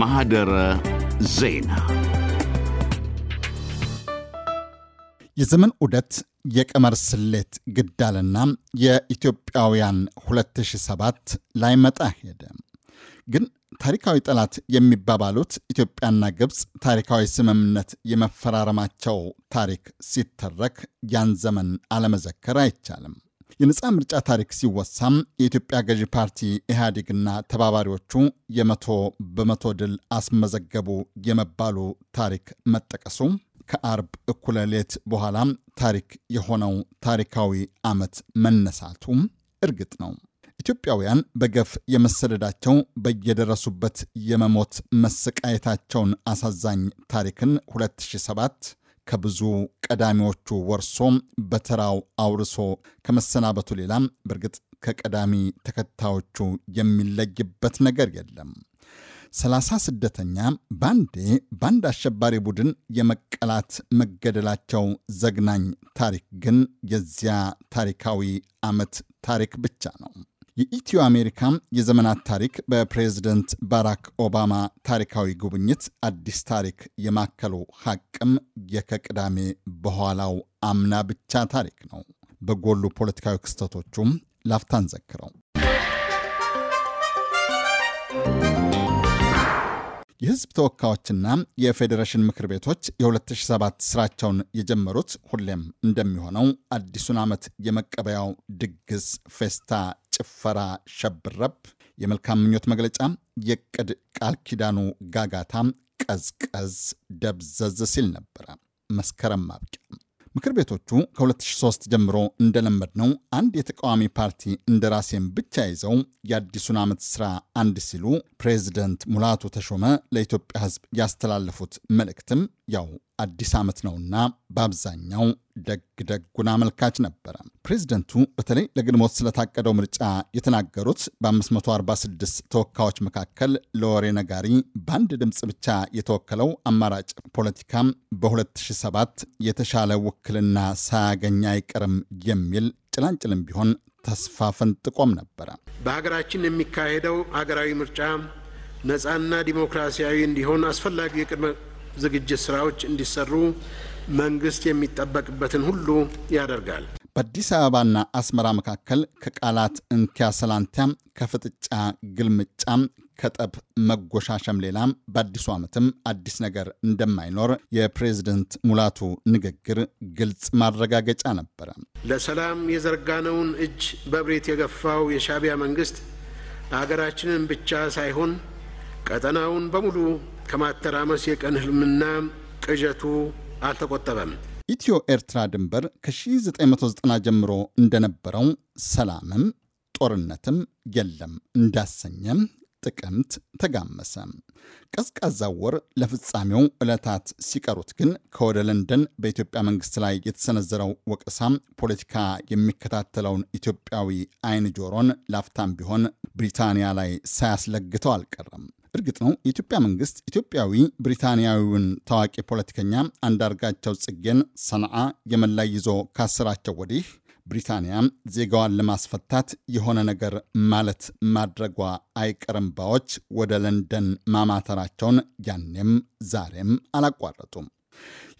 ማህደረ ዜና የዘመን ዑደት የቀመር ስሌት ግዳልና የኢትዮጵያውያን 2007 ላይመጣ ሄደ። ግን ታሪካዊ ጠላት የሚባባሉት ኢትዮጵያና ግብፅ ታሪካዊ ስምምነት የመፈራረማቸው ታሪክ ሲተረክ ያን ዘመን አለመዘከር አይቻልም። የነፃ ምርጫ ታሪክ ሲወሳም የኢትዮጵያ ገዢ ፓርቲ ኢህአዴግና ተባባሪዎቹ የመቶ በመቶ ድል አስመዘገቡ የመባሉ ታሪክ መጠቀሱ ከአርብ እኩለ ሌት በኋላ ታሪክ የሆነው ታሪካዊ ዓመት መነሳቱ እርግጥ ነው። ኢትዮጵያውያን በገፍ የመሰደዳቸው በየደረሱበት የመሞት መሰቃየታቸውን አሳዛኝ ታሪክን 2007 ከብዙ ቀዳሚዎቹ ወርሶ በተራው አውርሶ ከመሰናበቱ ሌላም በእርግጥ ከቀዳሚ ተከታዮቹ የሚለይበት ነገር የለም። ሰላሳ ስደተኛ ባንዴ በአንድ አሸባሪ ቡድን የመቀላት መገደላቸው ዘግናኝ ታሪክ ግን የዚያ ታሪካዊ ዓመት ታሪክ ብቻ ነው። የኢትዮ አሜሪካ የዘመናት ታሪክ በፕሬዝደንት ባራክ ኦባማ ታሪካዊ ጉብኝት አዲስ ታሪክ የማከሉ ሐቅም የከቅዳሜ በኋላው አምና ብቻ ታሪክ ነው። በጎሉ ፖለቲካዊ ክስተቶቹም ላፍታን ዘክረው የህዝብ ተወካዮችና የፌዴሬሽን ምክር ቤቶች የ2007 ስራቸውን የጀመሩት ሁሌም እንደሚሆነው አዲሱን ዓመት የመቀበያው ድግስ ፌስታ ጭፈራ ሸብረብ፣ የመልካም ምኞት መግለጫ፣ የቅድ ቃል ኪዳኑ ጋጋታ ቀዝቀዝ ደብዘዝ ሲል ነበረ። መስከረም ማብቂያ ምክር ቤቶቹ ከ2003 ጀምሮ እንደለመድ ነው አንድ የተቃዋሚ ፓርቲ እንደራሴን ብቻ ይዘው የአዲሱን ዓመት ሥራ አንድ ሲሉ ፕሬዚደንት ሙላቱ ተሾመ ለኢትዮጵያ ሕዝብ ያስተላለፉት መልእክትም ያው አዲስ ዓመት ነውና በአብዛኛው ደግ ደጉን አመልካች ነበረ። ፕሬዚደንቱ በተለይ ለግድሞት ስለታቀደው ምርጫ የተናገሩት በ546 ተወካዮች መካከል ለወሬ ነጋሪ በአንድ ድምፅ ብቻ የተወከለው አማራጭ ፖለቲካም በ2007 የተሻለ ውክልና ሳያገኝ አይቀርም የሚል ጭላንጭልም ቢሆን ተስፋ ፈንጥቆም ነበረ። በሀገራችን የሚካሄደው ሀገራዊ ምርጫ ነፃና ዲሞክራሲያዊ እንዲሆን አስፈላጊ የቅድመ ዝግጅት ስራዎች እንዲሰሩ መንግስት የሚጠበቅበትን ሁሉ ያደርጋል። በአዲስ አበባና አስመራ መካከል ከቃላት እንኪያ ሰላንቲያ፣ ከፍጥጫ ግልምጫ፣ ከጠብ መጎሻሸም ሌላ በአዲሱ ዓመትም አዲስ ነገር እንደማይኖር የፕሬዝደንት ሙላቱ ንግግር ግልጽ ማረጋገጫ ነበረ። ለሰላም የዘረጋነውን እጅ በብሬት የገፋው የሻቢያ መንግስት አገራችንን ብቻ ሳይሆን ቀጠናውን በሙሉ ከማተራመስ የቀን ህልምና ቅዠቱ አልተቆጠበም። ኢትዮ ኤርትራ ድንበር ከ1990 ጀምሮ እንደነበረው ሰላምም ጦርነትም የለም እንዳሰኘም ጥቅምት ተጋመሰ። ቀዝቃዛው ወር ለፍጻሜው ዕለታት ሲቀሩት ግን ከወደ ለንደን በኢትዮጵያ መንግስት ላይ የተሰነዘረው ወቀሳም ፖለቲካ የሚከታተለውን ኢትዮጵያዊ አይን ጆሮን ላፍታም ቢሆን ብሪታንያ ላይ ሳያስለግተው አልቀረም። እርግጥ ነው የኢትዮጵያ መንግስት ኢትዮጵያዊ ብሪታንያዊውን ታዋቂ ፖለቲከኛ አንዳርጋቸው ጽጌን ሰንዓ የመን ላይ ይዞ ካስራቸው ወዲህ ብሪታንያ ዜጋዋን ለማስፈታት የሆነ ነገር ማለት ማድረጓ አይቀርም ባዎች ወደ ለንደን ማማተራቸውን ያኔም ዛሬም አላቋረጡም።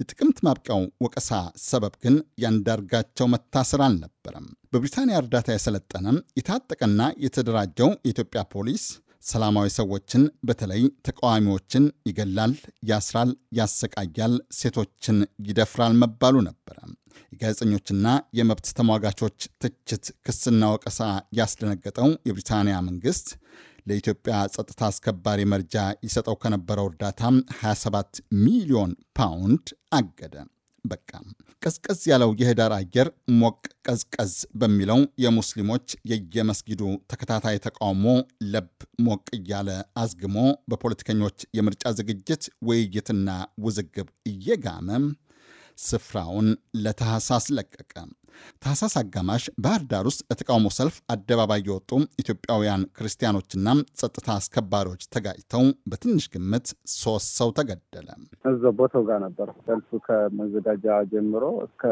የጥቅምት ማብቂያው ወቀሳ ሰበብ ግን ያንዳርጋቸው መታሰር አልነበረም። በብሪታንያ እርዳታ የሰለጠነ የታጠቀና የተደራጀው የኢትዮጵያ ፖሊስ ሰላማዊ ሰዎችን በተለይ ተቃዋሚዎችን ይገላል፣ ያስራል፣ ያሰቃያል፣ ሴቶችን ይደፍራል መባሉ ነበረ። የጋዜጠኞችና የመብት ተሟጋቾች ትችት፣ ክስና ወቀሳ ያስደነገጠው የብሪታንያ መንግስት ለኢትዮጵያ ጸጥታ አስከባሪ መርጃ ይሰጠው ከነበረው እርዳታ 27 ሚሊዮን ፓውንድ አገደ። በቃ ቀዝቀዝ ያለው የህዳር አየር ሞቅ ቀዝቀዝ በሚለው የሙስሊሞች የየመስጊዱ ተከታታይ ተቃውሞ ለብ ሞቅ እያለ አዝግሞ በፖለቲከኞች የምርጫ ዝግጅት ውይይትና ውዝግብ እየጋመ ስፍራውን ለታህሳስ ለቀቀም። ታህሳስ አጋማሽ ባህር ዳር ውስጥ ለተቃውሞ ሰልፍ አደባባይ የወጡ ኢትዮጵያውያን ክርስቲያኖችና ጸጥታ አስከባሪዎች ተጋጭተው በትንሽ ግምት ሶስት ሰው ተገደለ። እዛ ቦታው ጋር ነበር ሰልፉ ከመዘጋጃ ጀምሮ እስከ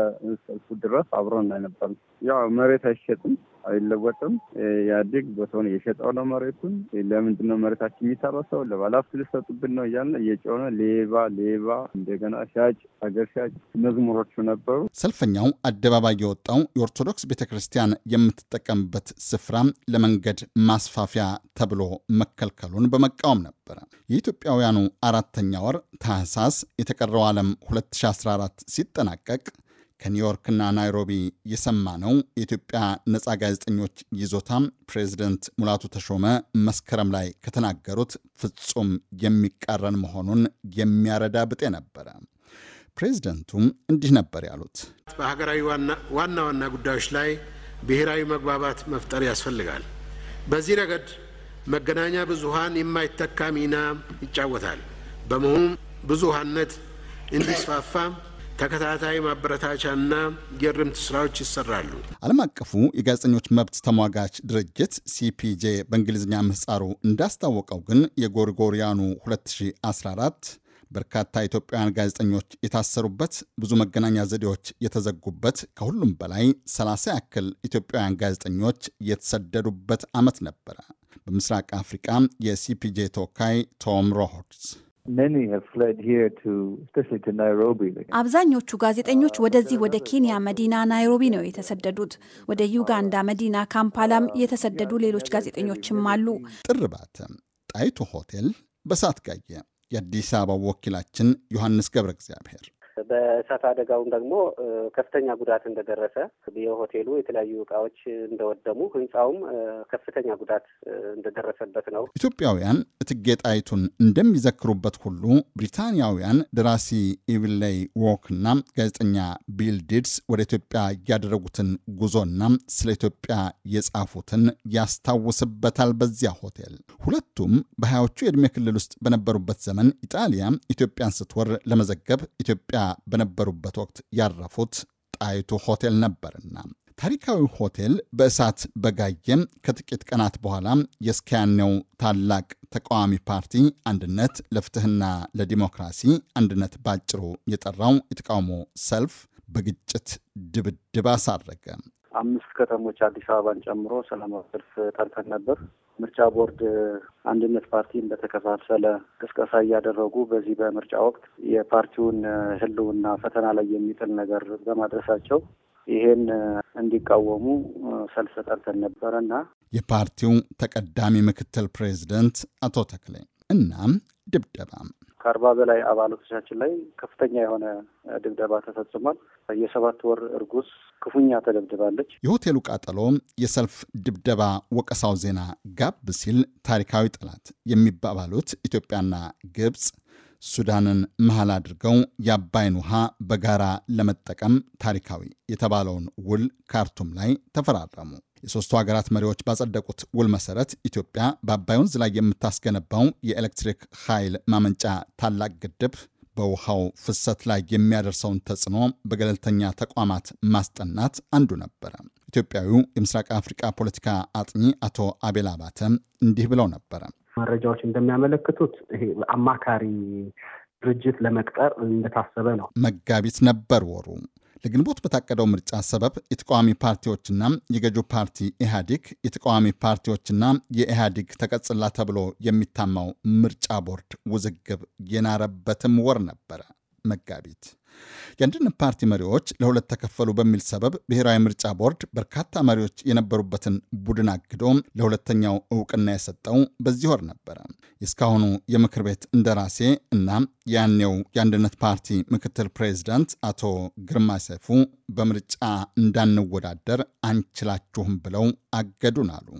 ሰልፉ ድረስ አብሮ ነበር። ያው መሬት አይሸጥም አይለወጥም። ኢህአዴግ ቦታውን እየሸጠው ነው መሬቱን። ለምንድን ነው መሬታችን የሚታረሰው? ለባለሀብት ሊሰጡብን ነው እያለ እየጮነ ሌባ ሌባ፣ እንደገና ሻጭ፣ አገር ሻጭ መዝሙሮቹ ነበሩ። ሰልፈኛው አደባባይ የወጣው የኦርቶዶክስ ቤተ ክርስቲያን የምትጠቀምበት ስፍራ ለመንገድ ማስፋፊያ ተብሎ መከልከሉን በመቃወም ነበረ። የኢትዮጵያውያኑ አራተኛ ወር ታህሳስ የተቀረው ዓለም 2014 ሲጠናቀቅ ከኒውዮርክና ናይሮቢ የሰማ ነው የኢትዮጵያ ነፃ ጋዜጠኞች ይዞታም ፕሬዚደንት ሙላቱ ተሾመ መስከረም ላይ ከተናገሩት ፍጹም የሚቃረን መሆኑን የሚያረዳ ብጤ ነበረ። ፕሬዚደንቱም እንዲህ ነበር ያሉት። በሀገራዊ ዋና ዋና ጉዳዮች ላይ ብሔራዊ መግባባት መፍጠር ያስፈልጋል። በዚህ ረገድ መገናኛ ብዙሃን የማይተካ ሚና ይጫወታል። በመሆኑም ብዙሃነት እንዲስፋፋ ተከታታይ ማበረታቻና የርምት ስራዎች ይሰራሉ። ዓለም አቀፉ የጋዜጠኞች መብት ተሟጋች ድርጅት ሲፒጄ በእንግሊዝኛ ምህፃሩ እንዳስታወቀው ግን የጎርጎሪያኑ 2014 በርካታ ኢትዮጵያውያን ጋዜጠኞች የታሰሩበት፣ ብዙ መገናኛ ዘዴዎች የተዘጉበት፣ ከሁሉም በላይ 30 ያክል ኢትዮጵያውያን ጋዜጠኞች የተሰደዱበት ዓመት ነበረ። በምስራቅ አፍሪቃ የሲፒጄ ተወካይ ቶም ሮሆድስ አብዛኞቹ ጋዜጠኞች ወደዚህ ወደ ኬንያ መዲና ናይሮቢ ነው የተሰደዱት። ወደ ዩጋንዳ መዲና ካምፓላም የተሰደዱ ሌሎች ጋዜጠኞችም አሉ። ጥርባት ጣይቱ ሆቴል በሳት ጋየ የአዲስ አበባ ወኪላችን ዮሐንስ ገብረ እግዚአብሔር በእሳት አደጋውም ደግሞ ከፍተኛ ጉዳት እንደደረሰ የሆቴሉ የተለያዩ እቃዎች እንደወደሙ፣ ህንፃውም ከፍተኛ ጉዳት እንደደረሰበት ነው። ኢትዮጵያውያን እትጌ ጣይቱን እንደሚዘክሩበት ሁሉ ብሪታንያውያን ደራሲ ዎክ ዎክና ጋዜጠኛ ቢል ዲድስ ወደ ኢትዮጵያ እያደረጉትን ጉዞና ስለ ኢትዮጵያ የጻፉትን ያስታውስበታል። በዚያ ሆቴል ሁለቱም በሀያዎቹ የዕድሜ ክልል ውስጥ በነበሩበት ዘመን ኢጣሊያ ኢትዮጵያን ስትወር ለመዘገብ ኢትዮጵያ በነበሩበት ወቅት ያረፉት ጣይቱ ሆቴል ነበርና ታሪካዊ ሆቴል በእሳት በጋየ ከጥቂት ቀናት በኋላ የስኪያኔው ታላቅ ተቃዋሚ ፓርቲ አንድነት ለፍትህና ለዲሞክራሲ አንድነት ባጭሩ የጠራው የተቃውሞ ሰልፍ በግጭት ድብድብ አሳረገ። አምስት ከተሞች አዲስ አበባን ጨምሮ ሰላማዊ ሰልፍ ጠርተን ነበር። ምርጫ ቦርድ አንድነት ፓርቲን በተከፋፈለ ቅስቀሳ እያደረጉ በዚህ በምርጫ ወቅት የፓርቲውን ህልውና ፈተና ላይ የሚጥል ነገር በማድረሳቸው ይሄን እንዲቃወሙ ሰልፍ ጠርተን ነበረና የፓርቲው ተቀዳሚ ምክትል ፕሬዚደንት አቶ ተክሌ እና ድብደባ ከአርባ በላይ አባላቶቻችን ላይ ከፍተኛ የሆነ ድብደባ ተፈጽሟል። የሰባት ወር እርጉዝ ክፉኛ ተደብድባለች። የሆቴሉ ቃጠሎ፣ የሰልፍ ድብደባ፣ ወቀሳው ዜና ጋብ ሲል ታሪካዊ ጠላት የሚባባሉት ኢትዮጵያና ግብፅ ሱዳንን መሃል አድርገው የአባይን ውሃ በጋራ ለመጠቀም ታሪካዊ የተባለውን ውል ካርቱም ላይ ተፈራረሙ። የሶስቱ ሀገራት መሪዎች ባጸደቁት ውል መሰረት ኢትዮጵያ በአባይ ወንዝ ላይ የምታስገነባው የኤሌክትሪክ ኃይል ማመንጫ ታላቅ ግድብ በውሃው ፍሰት ላይ የሚያደርሰውን ተጽዕኖ በገለልተኛ ተቋማት ማስጠናት አንዱ ነበረ። ኢትዮጵያዊው የምስራቅ አፍሪካ ፖለቲካ አጥኚ አቶ አቤል አባተ እንዲህ ብለው ነበረ። መረጃዎች እንደሚያመለክቱት ይሄ አማካሪ ድርጅት ለመቅጠር እንደታሰበ ነው። መጋቢት ነበር ወሩ። ለግንቦት በታቀደው ምርጫ ሰበብ የተቃዋሚ ፓርቲዎችና የገዢው ፓርቲ ኢህአዴግ የተቃዋሚ ፓርቲዎችና የኢህአዴግ ተቀጽላ ተብሎ የሚታማው ምርጫ ቦርድ ውዝግብ የናረበትም ወር ነበረ። መጋቢት የአንድነት ፓርቲ መሪዎች ለሁለት ተከፈሉ በሚል ሰበብ ብሔራዊ ምርጫ ቦርድ በርካታ መሪዎች የነበሩበትን ቡድን አግዶ ለሁለተኛው እውቅና የሰጠው በዚህ ወር ነበረ። የእስካሁኑ የምክር ቤት እንደራሴ እና ያኔው የአንድነት ፓርቲ ምክትል ፕሬዚዳንት አቶ ግርማ ሰይፉ በምርጫ እንዳንወዳደር አንችላችሁም ብለው አገዱን አሉ።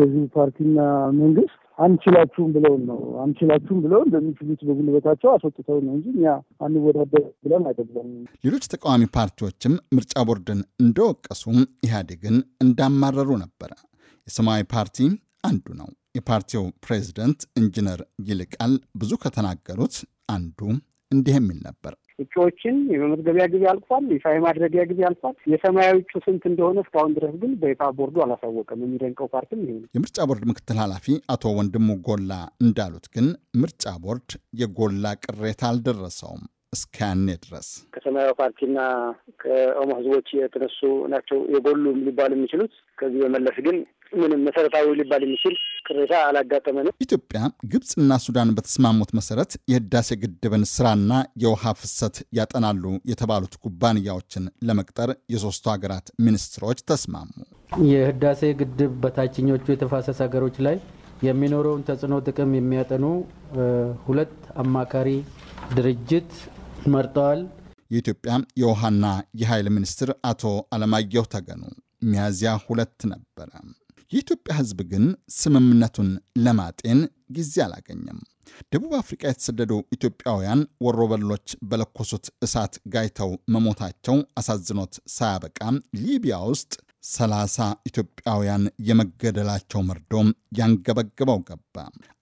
ገዢው ፓርቲና መንግስት አንችላችሁም ብለውን ነው አንችላችሁም ብለውን በሚችሉት በጉልበታቸው አስወጥተው ነው እንጂ እኛ አንወዳደር ብለን አይደለም። ሌሎች ተቃዋሚ ፓርቲዎችም ምርጫ ቦርድን እንደወቀሱ ኢህአዴግን እንዳማረሩ ነበረ። የሰማያዊ ፓርቲ አንዱ ነው። የፓርቲው ፕሬዚደንት ኢንጂነር ይልቃል ብዙ ከተናገሩት አንዱ እንዲህ የሚል ነበር። እጩዎችን የመመዝገቢያ ጊዜ አልፏል። ይፋ የማድረጊያ ጊዜ አልፏል። የሰማያዊ እጩ ስንት እንደሆነ እስካሁን ድረስ ግን በይፋ ቦርዱ አላሳወቀም። የሚደንቀው ፓርትም ይሄ ነው። የምርጫ ቦርድ ምክትል ኃላፊ አቶ ወንድሙ ጎላ እንዳሉት ግን ምርጫ ቦርድ የጎላ ቅሬታ አልደረሰውም። እስከያኔ ድረስ ከሰማያዊ ፓርቲና ከኦሞ ህዝቦች የተነሱ ናቸው የጎሉ ሊባሉ የሚችሉት። ከዚህ በመለስ ግን ምንም መሰረታዊ ሊባል የሚችል ቅሬታ አላጋጠመንም። ኢትዮጵያ፣ ግብፅና ሱዳን በተስማሙት መሰረት የህዳሴ ግድብን ስራና የውሃ ፍሰት ያጠናሉ የተባሉት ኩባንያዎችን ለመቅጠር የሶስቱ ሀገራት ሚኒስትሮች ተስማሙ። የህዳሴ ግድብ በታችኞቹ የተፋሰስ ሀገሮች ላይ የሚኖረውን ተጽዕኖ ጥቅም የሚያጠኑ ሁለት አማካሪ ድርጅት መርጠዋል። የኢትዮጵያ የውሃና የኃይል ሚኒስትር አቶ አለማየሁ ተገኑ ሚያዝያ ሁለት ነበረ። የኢትዮጵያ ሕዝብ ግን ስምምነቱን ለማጤን ጊዜ አላገኘም። ደቡብ አፍሪቃ የተሰደዱ ኢትዮጵያውያን ወሮበሎች በለኮሱት እሳት ጋይተው መሞታቸው አሳዝኖት ሳያበቃ ሊቢያ ውስጥ ሰላሳ ኢትዮጵያውያን የመገደላቸው መርዶም ያንገበግበው ገባ።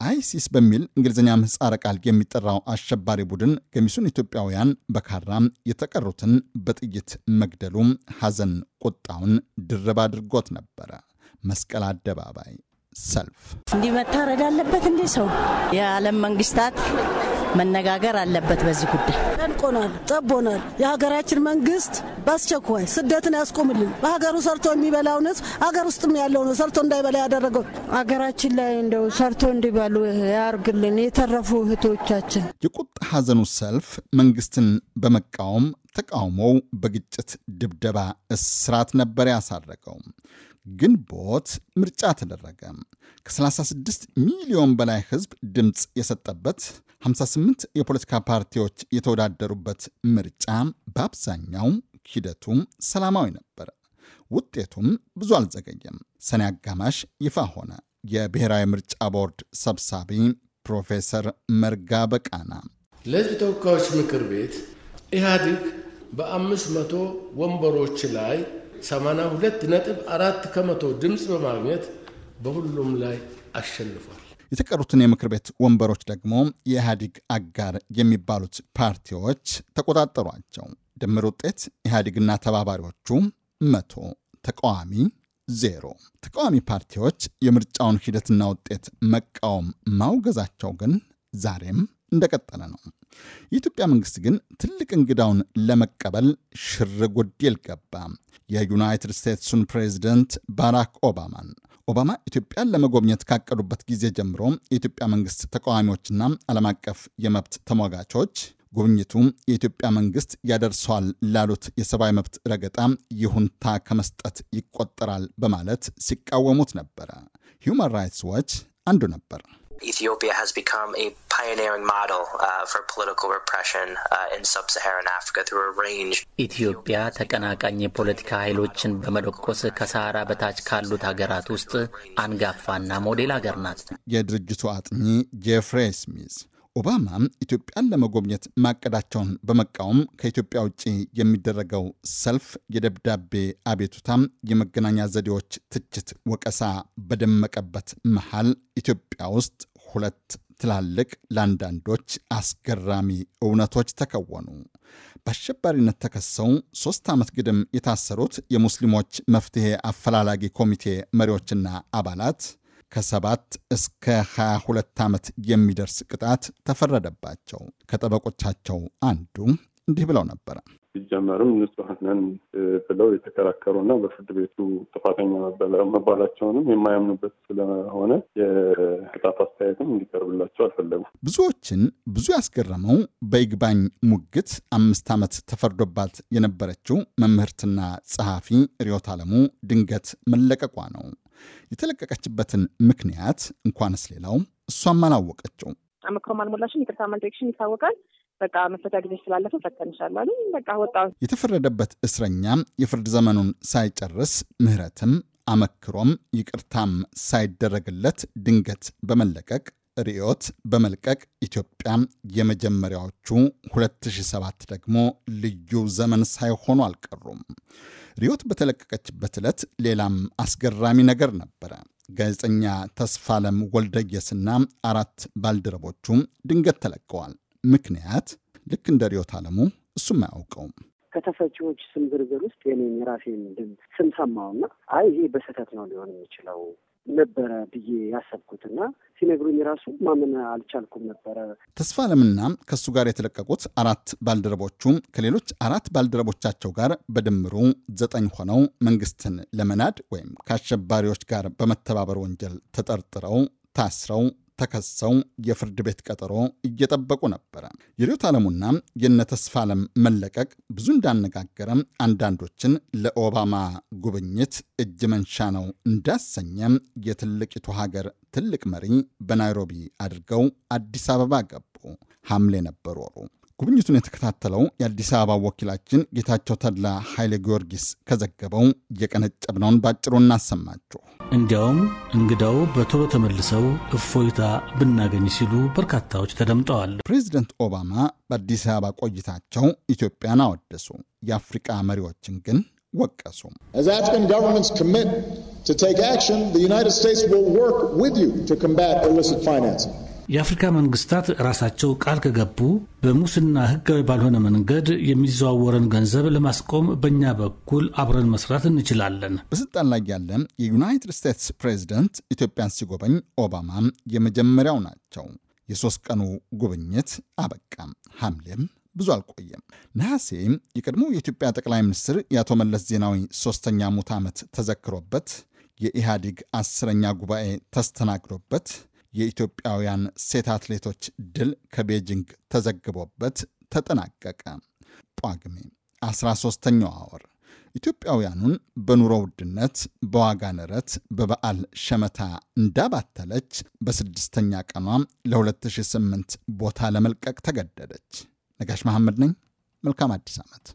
አይሲስ በሚል እንግሊዝኛ ምህጻረ ቃል የሚጠራው አሸባሪ ቡድን ገሚሱን ኢትዮጵያውያን በካራም የተቀሩትን በጥይት መግደሉ ሐዘን ቁጣውን ድርብ አድርጎት ነበረ። መስቀል አደባባይ ሰልፍ እንዲህ መታረድ አለበት። እንዲህ ሰው የዓለም መንግስታት መነጋገር አለበት በዚህ ጉዳይ። ጠንቆናል ጠቦናል። የሀገራችን መንግስት በአስቸኳይ ስደትን ያስቆምልን። በሀገሩ ሰርቶ የሚበላውን ህዝብ ሀገር ውስጥም ያለውን ሰርቶ እንዳይበላ ያደረገው ሀገራችን ላይ እንደው ሰርቶ እንዲበሉ ያርግልን። የተረፉ እህቶቻችን የቁጣ ሐዘኑ ሰልፍ መንግስትን በመቃወም ተቃውሞው በግጭት ድብደባ፣ እስራት ነበር ያሳረገው። ግንቦት ምርጫ ተደረገ። ከ36 ሚሊዮን በላይ ህዝብ ድምፅ የሰጠበት 58 የፖለቲካ ፓርቲዎች የተወዳደሩበት ምርጫ በአብዛኛው ሂደቱም ሰላማዊ ነበር። ውጤቱም ብዙ አልዘገየም። ሰኔ አጋማሽ ይፋ ሆነ። የብሔራዊ ምርጫ ቦርድ ሰብሳቢ ፕሮፌሰር መርጋ በቃና ለህዝብ ተወካዮች ምክር ቤት ኢህአዲግ በአምስት መቶ ወንበሮች ላይ 82 ነጥብ አራት ከመቶ ድምፅ በማግኘት በሁሉም ላይ አሸንፏል። የተቀሩትን የምክር ቤት ወንበሮች ደግሞ የኢህአዴግ አጋር የሚባሉት ፓርቲዎች ተቆጣጠሯቸው። ድምር ውጤት ኢህአዴግና ተባባሪዎቹ መቶ ተቃዋሚ ዜሮ። ተቃዋሚ ፓርቲዎች የምርጫውን ሂደትና ውጤት መቃወም ማውገዛቸው ግን ዛሬም እንደቀጠለ ነው። የኢትዮጵያ መንግስት ግን ትልቅ እንግዳውን ለመቀበል ሽር ጉድ ገባ። የዩናይትድ ስቴትሱን ፕሬዚደንት ባራክ ኦባማን ኦባማ ኢትዮጵያን ለመጎብኘት ካቀዱበት ጊዜ ጀምሮ የኢትዮጵያ መንግስት ተቃዋሚዎችና ዓለም አቀፍ የመብት ተሟጋቾች ጉብኝቱ የኢትዮጵያ መንግስት ያደርሰዋል ላሉት የሰብአዊ መብት ረገጣ ይሁንታ ከመስጠት ይቆጠራል በማለት ሲቃወሙት ነበረ። ሁማን ራይትስ ዋች አንዱ ነበር። Ethiopia has become a pioneering model uh, for political repression uh, in sub-Saharan Africa through a range. ኢትዮጵያ ተቀናቃኝ የፖለቲካ ኃይሎችን በመደቆስ ከሳህራ በታች ካሉት ሀገራት ውስጥ አንጋፋና ሞዴል ሀገር ናት። የድርጅቱ አጥኚ ጄፍሬ ስሚዝ ኦባማ ኢትዮጵያን ለመጎብኘት ማቀዳቸውን በመቃወም ከኢትዮጵያ ውጭ የሚደረገው ሰልፍ፣ የደብዳቤ አቤቱታም፣ የመገናኛ ዘዴዎች ትችት፣ ወቀሳ በደመቀበት መሃል ኢትዮጵያ ውስጥ ሁለት ትላልቅ ለአንዳንዶች አስገራሚ እውነቶች ተከወኑ። በአሸባሪነት ተከሰው ሦስት ዓመት ግድም የታሰሩት የሙስሊሞች መፍትሔ አፈላላጊ ኮሚቴ መሪዎችና አባላት ከሰባት እስከ 22 ዓመት የሚደርስ ቅጣት ተፈረደባቸው። ከጠበቆቻቸው አንዱ እንዲህ ብለው ነበረ። ሲጀመርም ንጹሐን ነን ብለው የተከራከሩና በፍርድ ቤቱ ጥፋተኛ መባላቸውንም የማያምኑበት ስለሆነ የቅጣት አስተያየትም እንዲቀርብላቸው አልፈለጉም። ብዙዎችን ብዙ ያስገረመው በይግባኝ ሙግት አምስት ዓመት ተፈርዶባት የነበረችው መምህርትና ጸሐፊ ርዕዮት ዓለሙ ድንገት መለቀቋ ነው። የተለቀቀችበትን ምክንያት እንኳንስ ሌላው እሷም አላወቀችው። አመክሮም አልሞላሽም ይቅርታ ማልጠቅሽም ይታወቃል በቃ መፈታ ጊዜ ስላለፈ ፈተንሻል አሉ። በቃ ወጣ። የተፈረደበት እስረኛ የፍርድ ዘመኑን ሳይጨርስ ምህረትም አመክሮም ይቅርታም ሳይደረግለት ድንገት በመለቀቅ ርዕዮት በመልቀቅ ኢትዮጵያ የመጀመሪያዎቹ 2007 ደግሞ ልዩ ዘመን ሳይሆኑ አልቀሩም። ርዕዮት በተለቀቀችበት ዕለት ሌላም አስገራሚ ነገር ነበረ። ጋዜጠኛ ተስፋለም ወልደየስና አራት ባልደረቦቹ ድንገት ተለቀዋል። ምክንያት ልክ እንደ ሪዮት አለሙ እሱም አያውቀውም። ከተፈቺዎች ስም ዝርዝር ውስጥ የኔን የራሴን ድምፅ ስም ሰማውና አይ ይሄ በስህተት ነው ሊሆን የሚችለው ነበረ ብዬ ያሰብኩትና ሲነግሩኝ ራሱ ማመን አልቻልኩም ነበረ። ተስፋ ለምና ከእሱ ጋር የተለቀቁት አራት ባልደረቦቹም ከሌሎች አራት ባልደረቦቻቸው ጋር በድምሩ ዘጠኝ ሆነው መንግስትን ለመናድ ወይም ከአሸባሪዎች ጋር በመተባበር ወንጀል ተጠርጥረው ታስረው ተከሰው የፍርድ ቤት ቀጠሮ እየጠበቁ ነበረ። የሪዮት አለሙና የነ ተስፋ አለም መለቀቅ ብዙ እንዳነጋገረም አንዳንዶችን ለኦባማ ጉብኝት እጅ መንሻ ነው እንዳሰኘም የትልቂቱ ሀገር ትልቅ መሪ በናይሮቢ አድርገው አዲስ አበባ ገቡ። ሐምሌ ነበር ወሩ። ጉብኝቱን የተከታተለው የአዲስ አበባ ወኪላችን ጌታቸው ተድላ ኃይለ ጊዮርጊስ ከዘገበው እየቀነጨብነውን ባጭሩ እናሰማችሁ። እንዲያውም እንግዳው በቶሎ ተመልሰው እፎይታ ብናገኝ ሲሉ በርካታዎች ተደምጠዋል። ፕሬዚደንት ኦባማ በአዲስ አበባ ቆይታቸው ኢትዮጵያን አወደሱ፣ የአፍሪቃ መሪዎችን ግን ወቀሱ። ወርክ የአፍሪካ መንግስታት ራሳቸው ቃል ከገቡ በሙስና ህጋዊ ባልሆነ መንገድ የሚዘዋወረን ገንዘብ ለማስቆም በእኛ በኩል አብረን መስራት እንችላለን። በስልጣን ላይ ያለ የዩናይትድ ስቴትስ ፕሬዚደንት ኢትዮጵያን ሲጎበኝ ኦባማ የመጀመሪያው ናቸው። የሶስት ቀኑ ጉብኝት አበቃም። ሐምሌም ብዙ አልቆየም። ነሐሴ የቀድሞ የኢትዮጵያ ጠቅላይ ሚኒስትር የአቶ መለስ ዜናዊ ሶስተኛ ሙት ዓመት ተዘክሮበት የኢህአዲግ አስረኛ ጉባኤ ተስተናግዶበት የኢትዮጵያውያን ሴት አትሌቶች ድል ከቤጂንግ ተዘግቦበት ተጠናቀቀ። ጳጉሜ 13ኛዋ ወር ኢትዮጵያውያኑን በኑሮ ውድነት፣ በዋጋ ንረት፣ በበዓል ሸመታ እንዳባተለች በስድስተኛ ቀኗ ለ2008 ቦታ ለመልቀቅ ተገደደች። ነጋሽ መሐመድ ነኝ። መልካም አዲስ ዓመት።